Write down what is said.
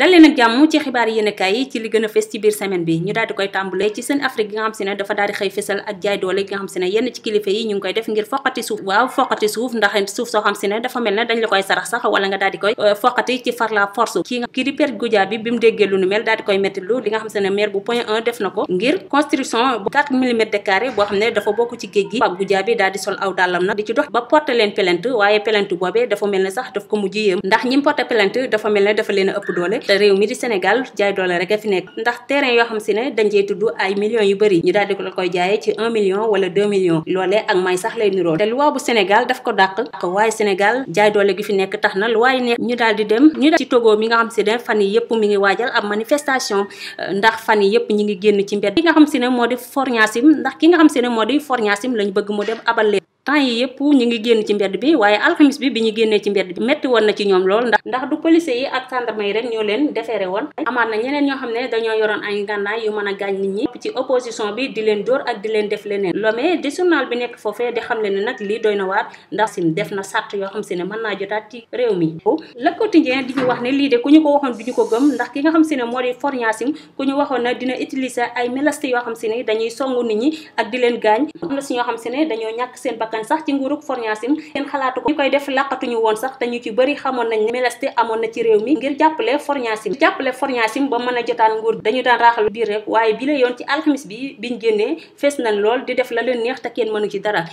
dalee nag jàmm ci xibaar yéenekaay yi ci li gën a fes ci biir semaine bi ñu daal di koy tàmbalee ci seen Afrique gi nga xam si ne dafa daal xëy fesal ak jaay doole gi nga xam si ne yenn ci kilifa yi ñu ngi koy def ngir foqati suuf waaw foqati suuf ndax suuf soo xam si ne dafa mel ne dañ la koy sarax sax wala nga daal di koy euh, foqati ci far la force kii nga kii di Pierre Goudiaby bi mu déggee lu nu mel daal koy métti li nga xam si ne maire bu point 1 def na ko ngir construction dafa bokk ci géej gi Pape Goudiaby daal di sol aw dàllam di ci dox ba porté leen waaye plainte boobee dafa mel ne sax daf ko mujj yéem ndax ñim porté dafa mel ne dafa leen a doole te réew mi di Sénégal jaay doole rek a fi nekk ndax terrain yoo xam si ne dañ cee tudd ay millions yu bëri ñu daal di ko la koy jaayee ci un million wala deux millions loolee ak may sax lay niroo te luwaa bu Sénégal daf ko dàq waaye Sénégal jaay doole gi fi nekk tax na luwaay ne ñu daal di dem ñu ci Togo mi nga xam si ne fan yi yëpp mi ngi waajal ab manifestation euh, ndax fan yi yëpp ñi ngi génn ci mbedd ki nga xam si ne moo def Fort Niassim ndax ki nga xam si ne moo di Fort Niassim bëgg mu dem abal leen temps yi yëpp ñu ngi génn ci mbedd bi waaye alxamis bi bi ñu génnee ci mbedd bi métti woon na ci ñoom lool ndax ndax du police yi ak gendarme yi rek ñoo leen defeere woon amaat na ñeneen ñoo xam ne dañoo yoroon ay ngànnaay yu mën a gaañ nit ñi ci wax ne lii de ku ñu ko waxoon du ñu ko gëm ndax ki nga xam si ne moo di forñaasim ku ñu waxoon na dina utiliser ay mélaste yoo xam si ne dañuy songu nit ñi ak di leen gaañ am na si ñoo xam si ne dañoo bakkan sax ci nguurug forñaasim kenn xalaatu ko ñu koy def làqatuñu woon sax te ñu ci bëri xamoon nañ ne meleste amoon na ci réew mi ngir jàppale forñaasim jàppale forñaasim ba mën a jotaan nguur dañu daan raaxalu biir rek waaye bi la yoon ci alxamis bi biñ génnee fees nañ lool di def la leen neex te kenn mënu ci dara